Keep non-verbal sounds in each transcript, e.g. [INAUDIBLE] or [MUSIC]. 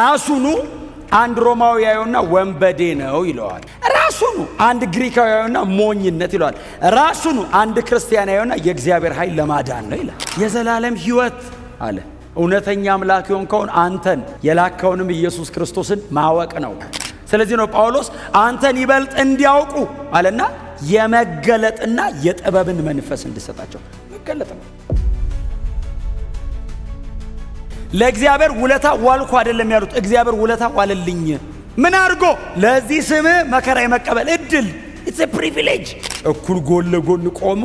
ራሱኑ አንድ ሮማዊ ያየውና ወንበዴ ነው ይለዋል። ራሱኑ አንድ ግሪካዊ ያየውና ሞኝነት ይለዋል። ራሱኑ አንድ ክርስቲያን ያየውና የእግዚአብሔር ኃይል ለማዳን ነው ይላል። የዘላለም ሕይወት አለ። እውነተኛ አምላክ የሆንከውን አንተን የላከውንም ኢየሱስ ክርስቶስን ማወቅ ነው። ስለዚህ ነው ጳውሎስ አንተን ይበልጥ እንዲያውቁ አለና የመገለጥና የጥበብን መንፈስ እንድሰጣቸው መገለጥ ነው። ለእግዚአብሔር ውለታ ዋልኩ አይደለም ያሉት፣ እግዚአብሔር ውለታ ዋለልኝ። ምን አድርጎ? ለዚህ ስም መከራ የመቀበል እድል ኢትስ ፕሪቪሌጅ። እኩል ጎን ለጎን ቆሞ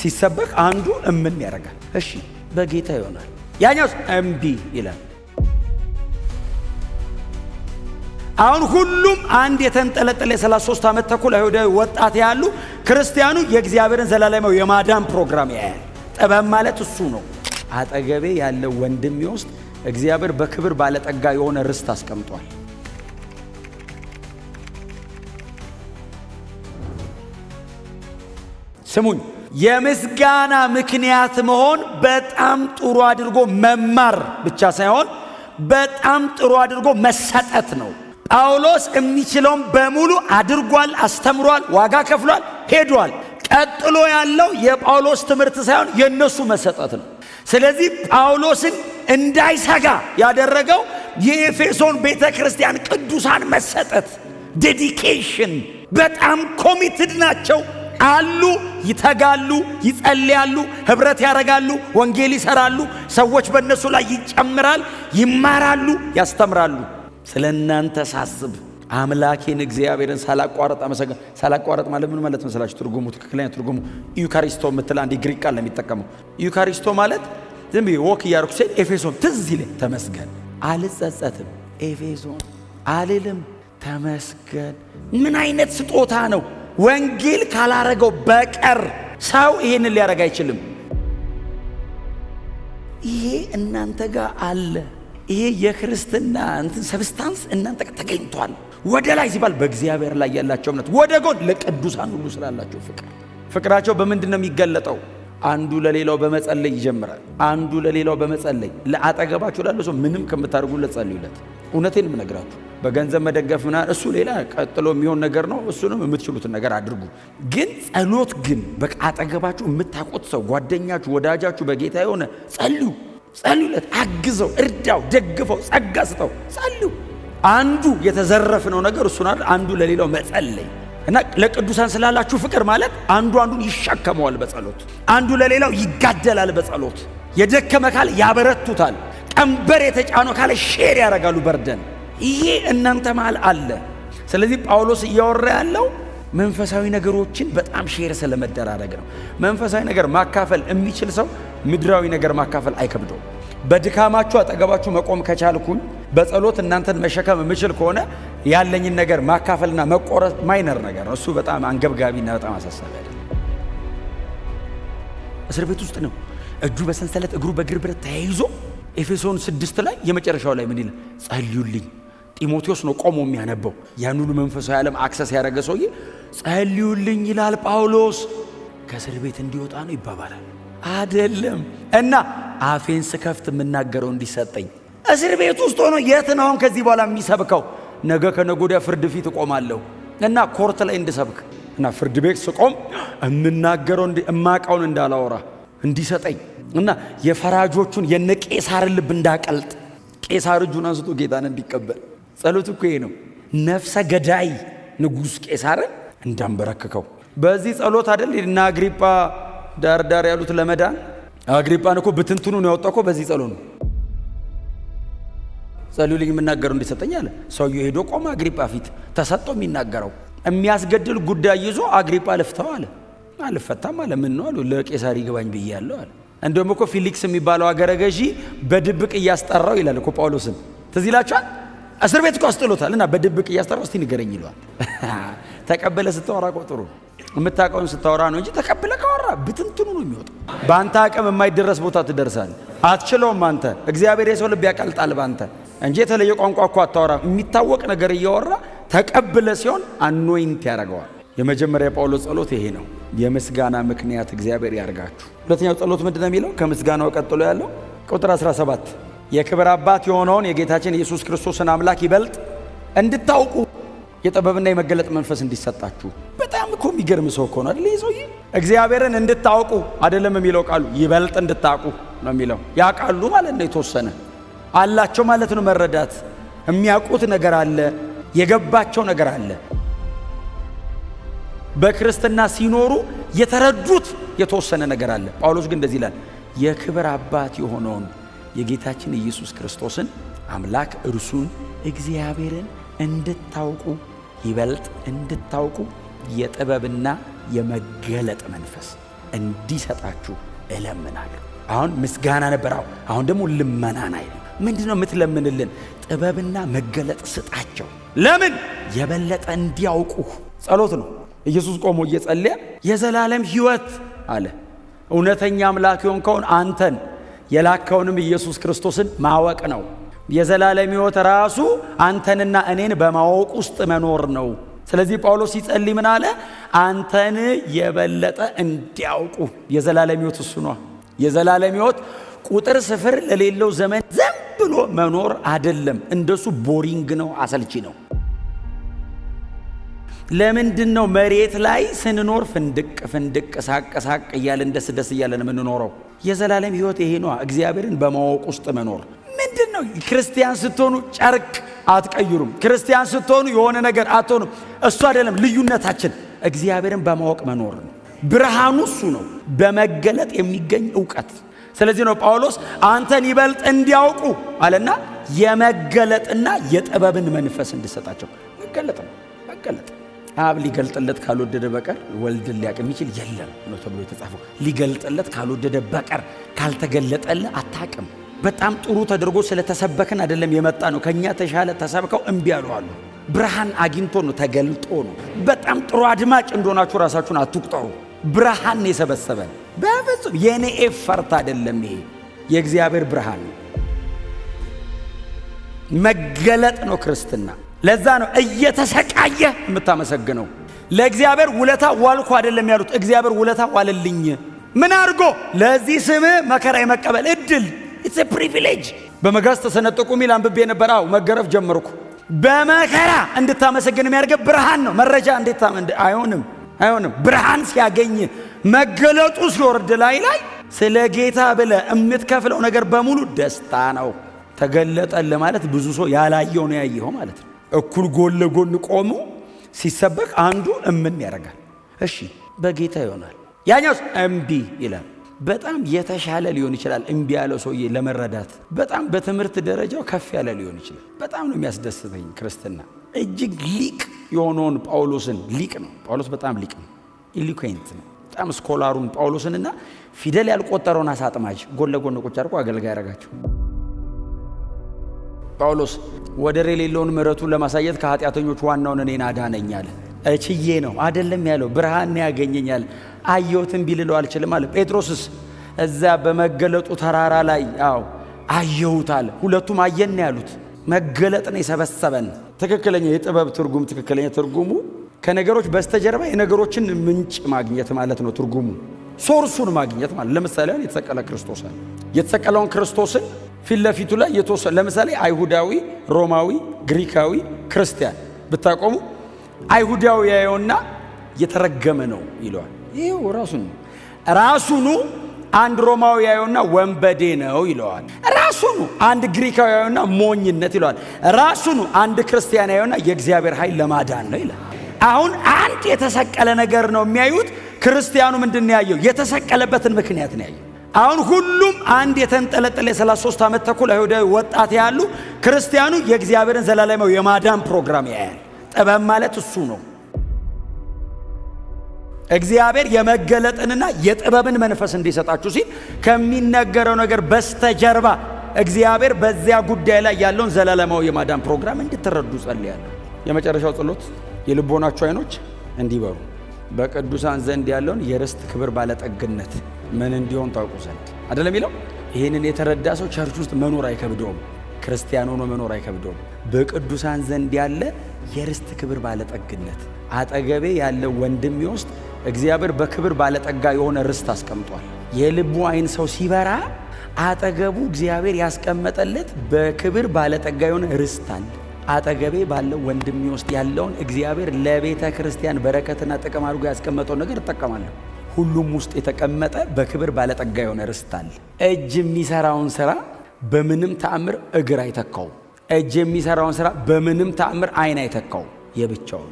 ሲሰበክ አንዱ እምን ያደርጋል። እሺ በጌታ ይሆናል፣ ያኛውስ እምቢ ይላል። አሁን ሁሉም አንድ የተንጠለጠለ የ33 ዓመት ተኩል አይሁዳዊ ወጣት ያሉ ክርስቲያኑ የእግዚአብሔርን ዘላለማዊ የማዳን ፕሮግራም ያያል። ጥበብ ማለት እሱ ነው። አጠገቤ ያለው ወንድም ውስጥ እግዚአብሔር በክብር ባለጠጋ የሆነ ርስት አስቀምጧል። ስሙኝ፣ የምስጋና ምክንያት መሆን በጣም ጥሩ አድርጎ መማር ብቻ ሳይሆን በጣም ጥሩ አድርጎ መሰጠት ነው። ጳውሎስ የሚችለውን በሙሉ አድርጓል፣ አስተምሯል፣ ዋጋ ከፍሏል፣ ሄዷል። ቀጥሎ ያለው የጳውሎስ ትምህርት ሳይሆን የእነሱ መሰጠት ነው። ስለዚህ ጳውሎስን እንዳይሰጋ ያደረገው የኤፌሶን ቤተ ክርስቲያን ቅዱሳን መሰጠት፣ ዴዲኬሽን በጣም ኮሚትድ ናቸው አሉ። ይተጋሉ፣ ይጸልያሉ፣ ህብረት ያደርጋሉ፣ ወንጌል ይሰራሉ፣ ሰዎች በእነሱ ላይ ይጨምራል፣ ይማራሉ፣ ያስተምራሉ። ስለ እናንተ ሳስብ አምላኬን እግዚአብሔርን ሳላቋረጥ አመሰገ ሳላቋረጥ ማለት ምን ማለት መሰላችሁ? ትርጉሙ ትክክለኛ ትርጉሙ ዩካሪስቶ የምትል አንድ ግሪክ ቃል ነው የሚጠቀመው። ዩካሪስቶ ማለት ዝም ብዬ ወክ እያርኩ ሴል ኤፌሶን ትዝ ይለኝ ተመስገን፣ አልጸጸትም፣ ኤፌሶን አልልም፣ ተመስገን። ምን አይነት ስጦታ ነው! ወንጌል ካላረገው በቀር ሰው ይሄንን ሊያደረግ አይችልም። ይሄ እናንተ ጋር አለ። ይሄ የክርስትና እንትን ሰብስታንስ እናንተ ጋር ተገኝቷል። ወደ ላይ ሲባል በእግዚአብሔር ላይ ያላቸው እምነት፣ ወደ ጎን ለቅዱሳን ሁሉ ስላላቸው ፍቅር። ፍቅራቸው በምንድን ነው የሚገለጠው? አንዱ ለሌላው በመጸለይ ይጀምራል። አንዱ ለሌላው በመጸለይ ለአጠገባችሁ ላለ ሰው ምንም ከምታደርጉለት ጸልዩለት። እውነቴን የምነግራችሁ በገንዘብ መደገፍ ምናምን እሱ ሌላ ቀጥሎ የሚሆን ነገር ነው። እሱንም የምትችሉትን ነገር አድርጉ። ግን ጸሎት ግን በቃ አጠገባችሁ የምታውቁት ሰው ጓደኛችሁ፣ ወዳጃችሁ በጌታ የሆነ ጸልዩ፣ ጸልዩለት፣ አግዘው፣ እርዳው፣ ደግፈው፣ ጸጋ ስጠው፣ ጸልዩ። አንዱ የተዘረፍነው ነገር እሱን አይደል አንዱ ለሌላው መጸለይ እና ለቅዱሳን ስላላችሁ ፍቅር ማለት አንዱ አንዱን ይሸከመዋል በጸሎት አንዱ ለሌላው ይጋደላል በጸሎት የደከመ ካለ ያበረቱታል ቀንበር የተጫነው ካለ ሼር ያደርጋሉ በርደን ይሄ እናንተ መሃል አለ ስለዚህ ጳውሎስ እያወራ ያለው መንፈሳዊ ነገሮችን በጣም ሼር ስለመደራረግ ነው መንፈሳዊ ነገር ማካፈል የሚችል ሰው ምድራዊ ነገር ማካፈል አይከብደውም በድካማችሁ አጠገባችሁ መቆም ከቻልኩኝ በጸሎት እናንተን መሸከም የምችል ከሆነ ያለኝን ነገር ማካፈልና መቆረጥ ማይነር ነገር ነው። እሱ በጣም አንገብጋቢና በጣም አሳሳቢ አይደለም። እስር ቤት ውስጥ ነው። እጁ በሰንሰለት እግሩ በግር ብረት ተያይዞ ኤፌሶን ስድስት ላይ የመጨረሻው ላይ ምን ይል ጸልዩልኝ። ጢሞቴዎስ ነው ቆሞ የሚያነበው ያን ሁሉ መንፈሳዊ ዓለም አክሰስ ያደረገ ሰውዬ ጸልዩልኝ ይላል ጳውሎስ። ከእስር ቤት እንዲወጣ ነው ይባባላል አደለም እና አፌን ስከፍት የምናገረው እንዲሰጠኝ እስር ቤት ውስጥ ሆኖ የት ነው አሁን ከዚህ በኋላ የሚሰብከው? ነገ ከነገ ወዲያ ፍርድ ፊት እቆማለሁ እና ኮርት ላይ እንድሰብክ እና ፍርድ ቤት ስቆም የምናገረው እማቃውን እንዳላወራ እንዲሰጠኝ እና የፈራጆቹን የነ ቄሳር ልብ እንዳቀልጥ ቄሳር እጁን አንስቶ ጌታን እንዲቀበል ጸሎት እኮ ይሄ ነው። ነፍሰ ገዳይ ንጉሥ ቄሳርን እንዳንበረክከው በዚህ ጸሎት አደል እና አግሪጳ ዳርዳር ያሉት ለመዳን አግሪጳን እኮ ብትንትኑን ያወጣ እኮ በዚህ ጸሎት ነው። ጸልዩልኝ የምናገረው እንዲሰጠኝ አለ። ሰውየው ሄዶ ቆመ አግሪጳ ፊት ተሰጦ የሚናገረው የሚያስገድል ጉዳይ ይዞ አግሪጳ ልፍተው አለ። አልፈታም አለ። ምን ነው አሉ። ለቄሳር ይግባኝ ብያለሁ አለ። እንደውም እኮ ፊሊክስ የሚባለው አገረ ገዢ በድብቅ እያስጠራው ይላል እኮ ጳውሎስን። ትዝ ይላችኋል። እስር ቤት እኮ አስጥሎታል እና በድብቅ እያስጠራው እስቲ ንገረኝ ይለዋል። [LAUGHS] ተቀበለ ስታወራ ቆጥሩ ጥሩ የምታውቀውን ስታወራ ነው እንጂ ተቀብለ ካወራ ብትንትኑ ነው የሚወጣው። በአንተ አቅም የማይደረስ ቦታ ትደርሳል። አትችለውም አንተ። እግዚአብሔር የሰው ልብ ያቀልጣል በአንተ እንጂ የተለየ ቋንቋ እኮ አታወራ። የሚታወቅ ነገር እያወራ ተቀብለ ሲሆን አኖይንት ያደርገዋል። የመጀመሪያ የጳውሎስ ጸሎት ይሄ ነው። የምስጋና ምክንያት እግዚአብሔር ያርጋችሁ። ሁለተኛው ጸሎት ምንድን ነው የሚለው? ከምስጋናው ቀጥሎ ያለው ቁጥር 17 የክብር አባት የሆነውን የጌታችን ኢየሱስ ክርስቶስን አምላክ ይበልጥ እንድታውቁ የጥበብና የመገለጥ መንፈስ እንዲሰጣችሁ። በጣም እኮ የሚገርም ሰው እኮ ነው አይደል? ይህ ሰውዬ እግዚአብሔርን እንድታውቁ አይደለም የሚለው ቃሉ፣ ይበልጥ እንድታውቁ ነው የሚለው ያ ቃሉ ማለት ነው የተወሰነ አላቸው ማለት ነው። መረዳት የሚያውቁት ነገር አለ፣ የገባቸው ነገር አለ። በክርስትና ሲኖሩ የተረዱት የተወሰነ ነገር አለ። ጳውሎስ ግን እንደዚህ ይላል፣ የክብር አባት የሆነውን የጌታችን ኢየሱስ ክርስቶስን አምላክ እርሱን እግዚአብሔርን እንድታውቁ ይበልጥ እንድታውቁ የጥበብና የመገለጥ መንፈስ እንዲሰጣችሁ እለምናለሁ። አሁን ምስጋና ነበር። አሁን ደግሞ ልመናን አይደለም ምንድን ነው የምትለምንልን? ጥበብና መገለጥ ስጣቸው። ለምን የበለጠ እንዲያውቁ ጸሎት ነው። ኢየሱስ ቆሞ እየጸለየ የዘላለም ሕይወት አለ። እውነተኛ አምላክ ከሆን አንተን የላከውንም ኢየሱስ ክርስቶስን ማወቅ ነው። የዘላለም ሕይወት ራሱ አንተንና እኔን በማወቅ ውስጥ መኖር ነው። ስለዚህ ጳውሎስ ሲጸልይ ምን አለ? አንተን የበለጠ እንዲያውቁ። የዘላለም ሕይወት እሱ ነው። የዘላለም ሕይወት ቁጥር ስፍር ለሌለው ዘመን ብሎ መኖር አይደለም። እንደሱ ቦሪንግ ነው፣ አሰልቺ ነው። ለምንድን ነው መሬት ላይ ስንኖር ፍንድቅ ፍንድቅ ሳቅ ሳቅ እያለን ደስ ደስ እያለን የምንኖረው? የዘላለም ሕይወት ይሄ ነዋ። እግዚአብሔርን በማወቅ ውስጥ መኖር ምንድን ነው? ክርስቲያን ስትሆኑ ጨርቅ አትቀይሩም። ክርስቲያን ስትሆኑ የሆነ ነገር አትሆኑም። እሱ አይደለም ልዩነታችን፣ እግዚአብሔርን በማወቅ መኖር ነው። ብርሃኑ እሱ ነው፣ በመገለጥ የሚገኝ እውቀት ስለዚህ ነው ጳውሎስ አንተን ይበልጥ እንዲያውቁ አለና የመገለጥና የጥበብን መንፈስ እንዲሰጣቸው። መገለጥ ነው መገለጥ። አብ ሊገልጥለት ካልወደደ በቀር ወልድን ሊያውቅ የሚችል የለም ነው ተብሎ የተጻፈው። ሊገልጥለት ካልወደደ በቀር ካልተገለጠለ አታቅም በጣም ጥሩ ተደርጎ ስለተሰበክን አይደለም የመጣ ነው። ከእኛ ተሻለ ተሰብከው እምቢ ያሉ አሉ። ብርሃን አግኝቶ ነው ተገልጦ ነው። በጣም ጥሩ አድማጭ እንደሆናችሁ ራሳችሁን አትቁጠሩ። ብርሃን የሰበሰበ በፍጹም የእኔ ኤፈርት አይደለም። ይሄ የእግዚአብሔር ብርሃን መገለጥ ነው ክርስትና። ለዛ ነው እየተሰቃየ የምታመሰግነው። ለእግዚአብሔር ውለታ ዋልኩ አይደለም ያሉት፣ እግዚአብሔር ውለታ ዋለልኝ። ምን አድርጎ? ለዚህ ስም መከራ የመቀበል እድል ኢትስ ፕሪቪሌጅ። በመጋዝ ተሰነጠቁ ሚል አንብቤ ነበር። አዎ መገረፍ ጀመርኩ። በመከራ እንድታመሰግን የሚያደርገ ብርሃን ነው። መረጃ እንዴት አይሆንም አይሆንም። ብርሃን ሲያገኝ መገለጡ ሲወርድ ላይ ላይ ስለ ጌታ ብለ የምትከፍለው ነገር በሙሉ ደስታ ነው። ተገለጠል ማለት ብዙ ሰው ያላየው ነው ያየው ማለት ነው። እኩል ጎን ለጎን ቆሞ ሲሰበክ አንዱ እምን ያደርጋል። እሺ በጌታ ይሆናል፣ ያኛውስ እምቢ ይላል። በጣም የተሻለ ሊሆን ይችላል እምቢ ያለው ሰውዬ ለመረዳት በጣም በትምህርት ደረጃው ከፍ ያለ ሊሆን ይችላል። በጣም ነው የሚያስደስተኝ ክርስትና እጅግ ሊቅ የሆነውን ጳውሎስን ሊቅ ነው። ጳውሎስ በጣም ሊቅ ነው፣ ኢሊኩዌንት ነው። በጣም ስኮላሩን ጳውሎስንና ፊደል ያልቆጠረውን አሳጥማጅ ጎን ለጎን ቁጭ አድርጎ አገልጋይ ያደረጋቸው ጳውሎስ ወደር የሌለውን ምሕረቱን ለማሳየት ከኃጢአተኞች ዋናውን እኔን አዳነኝ አለ። እችዬ ነው አይደለም ያለው፣ ብርሃን ያገኘኛል አየሁትን ቢልለው አልችልም አለ። ጴጥሮስስ እዛ በመገለጡ ተራራ ላይ አዎ አየሁት አለ። ሁለቱም አየን ያሉት መገለጥን የሰበሰበን ትክክለኛ የጥበብ ትርጉም ትክክለኛ ትርጉሙ ከነገሮች በስተጀርባ የነገሮችን ምንጭ ማግኘት ማለት ነው። ትርጉሙ ሶርሱን ማግኘት ማለት ለምሳሌ አሁን የተሰቀለ ክርስቶስ አለ። የተሰቀለውን ክርስቶስን ፊት ለፊቱ ላይ የተወሰነ ለምሳሌ አይሁዳዊ፣ ሮማዊ፣ ግሪካዊ ክርስቲያን ብታቆሙ አይሁዳዊ ያየውና የተረገመ ነው ይለዋል። ይኸው ራሱን ራሱኑ አንድ ሮማዊ ያየውና ወንበዴ ነው ይለዋል። ራሱኑ አንድ ግሪካዊ ያየውና ሞኝነት ይለዋል። ራሱኑ አንድ ክርስቲያን ያየውና የእግዚአብሔር ኃይል ለማዳን ነው ይላል። አሁን አንድ የተሰቀለ ነገር ነው የሚያዩት። ክርስቲያኑ ምንድን ያየው? የተሰቀለበትን ምክንያት ነው ያየው። አሁን ሁሉም አንድ የተንጠለጠለ የ33 ዓመት ተኩል አይሁዳዊ ወጣት ያሉ፣ ክርስቲያኑ የእግዚአብሔርን ዘላለማዊ የማዳን ፕሮግራም ያያል። ጥበብ ማለት እሱ ነው። እግዚአብሔር የመገለጥንና የጥበብን መንፈስ እንዲሰጣችሁ ሲል ከሚነገረው ነገር በስተጀርባ እግዚአብሔር በዚያ ጉዳይ ላይ ያለውን ዘላለማዊ የማዳን ፕሮግራም እንድትረዱ ጸልያለሁ። የመጨረሻው ጸሎት የልቦናችሁ አይኖች እንዲበሩ በቅዱሳን ዘንድ ያለውን የርስት ክብር ባለጠግነት ምን እንዲሆን ታውቁ ዘንድ አደለ የሚለው። ይህንን የተረዳ ሰው ቸርች ውስጥ መኖር አይከብደውም፣ ክርስቲያን ሆኖ መኖር አይከብደውም። በቅዱሳን ዘንድ ያለ የርስት ክብር ባለጠግነት አጠገቤ ያለው ወንድሜ ውስጥ እግዚአብሔር በክብር ባለጠጋ የሆነ ርስት አስቀምጧል። የልቡ አይን ሰው ሲበራ አጠገቡ እግዚአብሔር ያስቀመጠለት በክብር ባለጠጋ የሆነ ርስት አለ። አጠገቤ ባለው ወንድሜ ውስጥ ያለውን እግዚአብሔር ለቤተ ክርስቲያን በረከትና ጥቅም አድርጎ ያስቀመጠው ነገር እጠቀማለሁ። ሁሉም ውስጥ የተቀመጠ በክብር ባለጠጋ የሆነ ርስት አለ። እጅ የሚሰራውን ስራ በምንም ተአምር እግር አይተካው። እጅ የሚሰራውን ስራ በምንም ተአምር አይን አይተካው የብቻውን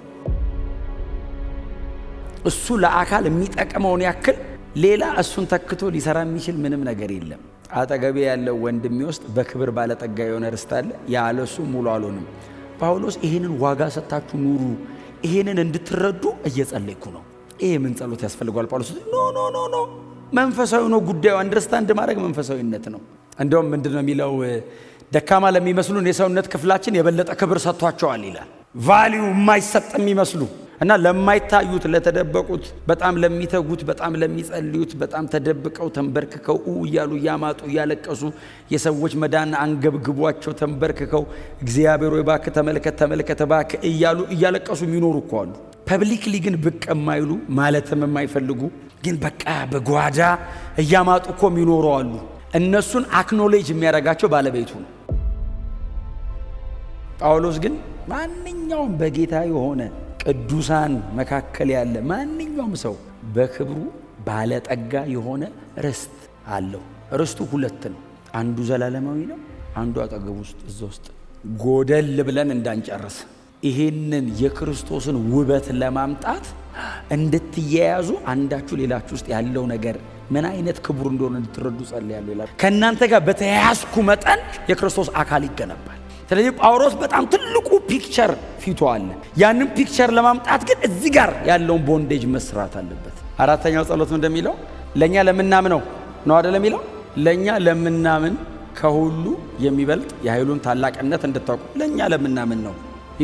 እሱ ለአካል የሚጠቅመውን ያክል ሌላ እሱን ተክቶ ሊሰራ የሚችል ምንም ነገር የለም። አጠገቤ ያለው ወንድሜ ውስጥ በክብር ባለጠጋ የሆነ ርስት አለ። ያለሱ ሙሉ አልሆንም። ጳውሎስ ይህንን ዋጋ ሰጥታችሁ ኑሩ፣ ይህንን እንድትረዱ እየጸለይኩ ነው። ይሄ ምን ጸሎት ያስፈልገዋል? ጳውሎስ ኖ ኖ ኖ ኖ መንፈሳዊ ነው ጉዳዩ። አንደርስታንድ ማድረግ መንፈሳዊነት ነው። እንደውም ምንድን ነው የሚለው ደካማ ለሚመስሉን የሰውነት ክፍላችን የበለጠ ክብር ሰጥቷቸዋል ይላል። ቫሊዩ የማይሰጥ የሚመስሉ እና ለማይታዩት ለተደበቁት በጣም ለሚተጉት በጣም ለሚጸልዩት በጣም ተደብቀው ተንበርክከው ኡ እያሉ እያማጡ እያለቀሱ የሰዎች መዳን አንገብግቧቸው ተንበርክከው እግዚአብሔር ወይ ባክ ተመልከት ተመልከት ባክ እያሉ እያለቀሱ የሚኖሩ እኮ አሉ። ፐብሊክሊ ግን ብቅ የማይሉ ማለትም የማይፈልጉ ግን በቃ በጓዳ እያማጡ እኮ የሚኖሩ አሉ። እነሱን አክኖሌጅ የሚያደርጋቸው ባለቤቱ ነው። ጳውሎስ ግን ማንኛውም በጌታ የሆነ ቅዱሳን መካከል ያለ ማንኛውም ሰው በክብሩ ባለጠጋ የሆነ ርስት አለው። ርስቱ ሁለት ነው። አንዱ ዘላለማዊ ነው፣ አንዱ አጠገብ ውስጥ እዛ ውስጥ ጎደል ብለን እንዳንጨርስ ይሄንን የክርስቶስን ውበት ለማምጣት እንድትያያዙ አንዳችሁ ሌላችሁ ውስጥ ያለው ነገር ምን አይነት ክቡር እንደሆነ እንድትረዱ ጸልያለሁ ይላል። ከእናንተ ጋር በተያያዝኩ መጠን የክርስቶስ አካል ይገነባል። ስለዚህ ጳውሎስ በጣም ትልቁ ፒክቸር ፊቱ አለ። ያንን ፒክቸር ለማምጣት ግን እዚህ ጋር ያለውን ቦንዴጅ መስራት አለበት። አራተኛው ጸሎት እንደሚለው ለእኛ ለምናምነው ነው አደለ የሚለው ለእኛ ለምናምን ከሁሉ የሚበልጥ የኃይሉን ታላቅነት እንድታውቁ ለእኛ ለምናምን ነው።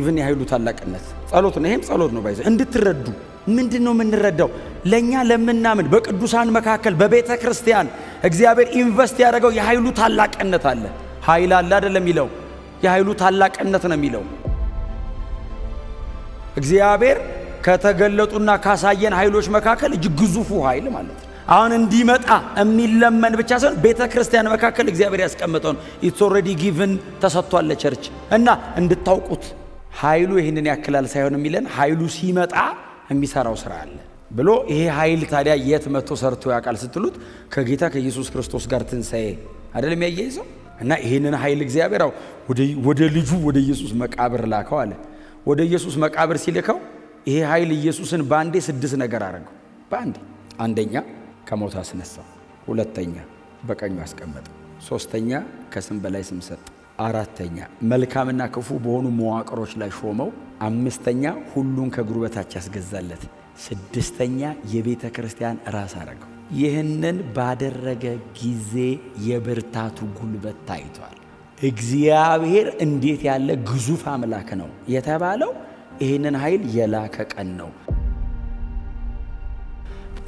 ኢቭን የኃይሉ ታላቅነት ጸሎት ነው። ይሄም ጸሎት ነው። ባይዘ እንድትረዱ ምንድን ነው የምንረዳው? ለእኛ ለምናምን በቅዱሳን መካከል በቤተ ክርስቲያን እግዚአብሔር ኢንቨስት ያደረገው የኃይሉ ታላቅነት አለ። ኃይል አለ አደለም ይለው የኃይሉ ታላቅነት ነው የሚለው እግዚአብሔር ከተገለጡና ካሳየን ኃይሎች መካከል እጅግ ግዙፉ ኃይል ማለት ነው። አሁን እንዲመጣ የሚለመን ብቻ ሳይሆን ቤተ ክርስቲያን መካከል እግዚአብሔር ነው። ኢትስ ኦልሬዲ ጊቭን ተሰጥቷል ለቸርች እና እንድታውቁት ኃይሉ ይህንን ያክላል ሳይሆን የሚለን ኃይሉ ሲመጣ የሚሰራው ስራ አለ ብሎ ይሄ ኃይል ታዲያ የት መጥቶ ሰርቶ ያውቃል ስትሉት ከጌታ ከኢየሱስ ክርስቶስ ጋር ትንሣኤ አይደለም ያያይዘው እና ይሄንን ኃይል እግዚአብሔር አው ወደ ልጁ ወደ ኢየሱስ መቃብር ላከው አለ። ወደ ኢየሱስ መቃብር ሲልከው ይሄ ኃይል ኢየሱስን በአንዴ ስድስት ነገር አደረገው። በአንዴ አንደኛ ከሞት አስነሳው፣ ሁለተኛ በቀኙ አስቀመጠ፣ ሶስተኛ ከስም በላይ ስም ሰጠ፣ አራተኛ መልካምና ክፉ በሆኑ መዋቅሮች ላይ ሾመው፣ አምስተኛ ሁሉን ከእግሩ በታች ያስገዛለት፣ ስድስተኛ የቤተ ክርስቲያን ራስ አደረገው። ይህንን ባደረገ ጊዜ የብርታቱ ጉልበት ታይቷል። እግዚአብሔር እንዴት ያለ ግዙፍ አምላክ ነው የተባለው ይህንን ኃይል የላከ ቀን ነው።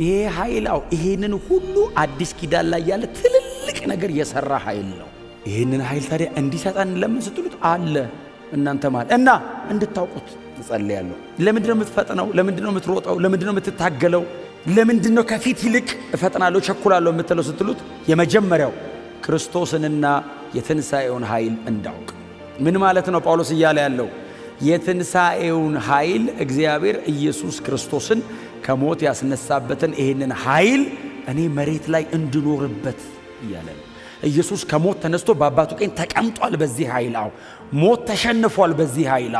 ይሄ ኃይል አው ይህንን ሁሉ አዲስ ኪዳን ላይ ያለ ትልልቅ ነገር የሰራ ኃይል ነው። ይህንን ኃይል ታዲያ እንዲሰጠን ለምን ስትሉት አለ እናንተ ማለ እና እንድታውቁት እጸልያለሁ። ለምንድነው የምትፈጥነው? ለምንድነው የምትሮጠው? ለምንድነው የምትታገለው? ለምንድን ነው ከፊት ይልቅ እፈጥናለሁ ቸኩላለሁ የምትለው ስትሉት፣ የመጀመሪያው ክርስቶስንና የትንሣኤውን ኃይል እንዳውቅ። ምን ማለት ነው ጳውሎስ እያለ ያለው? የትንሣኤውን ኃይል እግዚአብሔር ኢየሱስ ክርስቶስን ከሞት ያስነሳበትን ይህንን ኃይል እኔ መሬት ላይ እንድኖርበት እያለ ነው። ኢየሱስ ከሞት ተነስቶ በአባቱ ቀኝ ተቀምጧል። በዚህ ኃይል ሞት ተሸንፏል። በዚህ ኃይል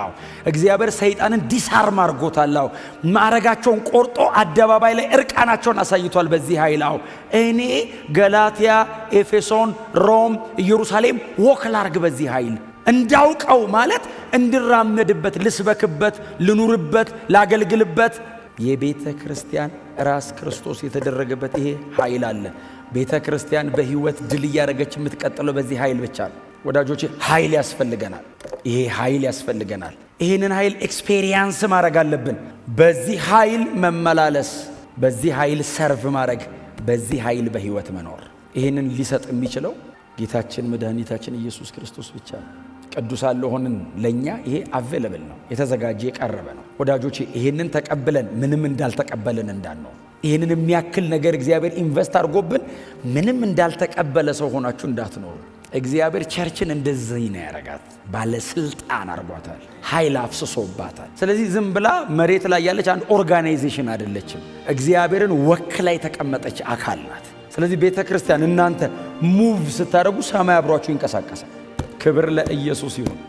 እግዚአብሔር ሰይጣንን ዲስአርም አድርጎታል። አዎ፣ ቆርጦ አደባባይ ላይ እርቃናቸውን አሳይቷል። በዚህ ኃይል እኔ ገላትያ፣ ኤፌሶን፣ ሮም፣ ኢየሩሳሌም ወክ ላርግ በዚህ ኃይል እንዳውቀው ማለት እንድራመድበት፣ ልስበክበት፣ ልኑርበት፣ ላገልግልበት የቤተ ክርስቲያን ራስ ክርስቶስ የተደረገበት ይሄ ኃይል አለ። ቤተ ክርስቲያን በሕይወት ድል እያደረገች የምትቀጥለው በዚህ ኃይል ብቻ ነው። ወዳጆች ኃይል ያስፈልገናል። ይሄ ኃይል ያስፈልገናል። ይህንን ኃይል ኤክስፔሪየንስ ማድረግ አለብን። በዚህ ኃይል መመላለስ፣ በዚህ ኃይል ሰርቭ ማድረግ፣ በዚህ ኃይል በህይወት መኖር። ይህንን ሊሰጥ የሚችለው ጌታችን መድኃኒታችን ኢየሱስ ክርስቶስ ብቻ ነው። ቅዱሳን ለሆንን ለእኛ ይሄ አቬለብል ነው፣ የተዘጋጀ የቀረበ ነው። ወዳጆቼ ይሄንን ተቀብለን ምንም እንዳልተቀበልን እንዳንሆን ይህንን የሚያክል ነገር እግዚአብሔር ኢንቨስት አድርጎብን ምንም እንዳልተቀበለ ሰው ሆናችሁ እንዳትኖሩ። እግዚአብሔር ቸርችን እንደዚህ ነው ያረጋት። ባለስልጣን አድርጓታል፣ ኃይል አፍስሶባታል። ስለዚህ ዝም ብላ መሬት ላይ ያለች አንድ ኦርጋናይዜሽን አይደለችም። እግዚአብሔርን ወክላ የተቀመጠች አካል ናት። ስለዚህ ቤተ ክርስቲያን እናንተ ሙቭ ስታደርጉ ሰማይ አብሯችሁ ይንቀሳቀሳል። ክብር ለኢየሱስ ይሁን።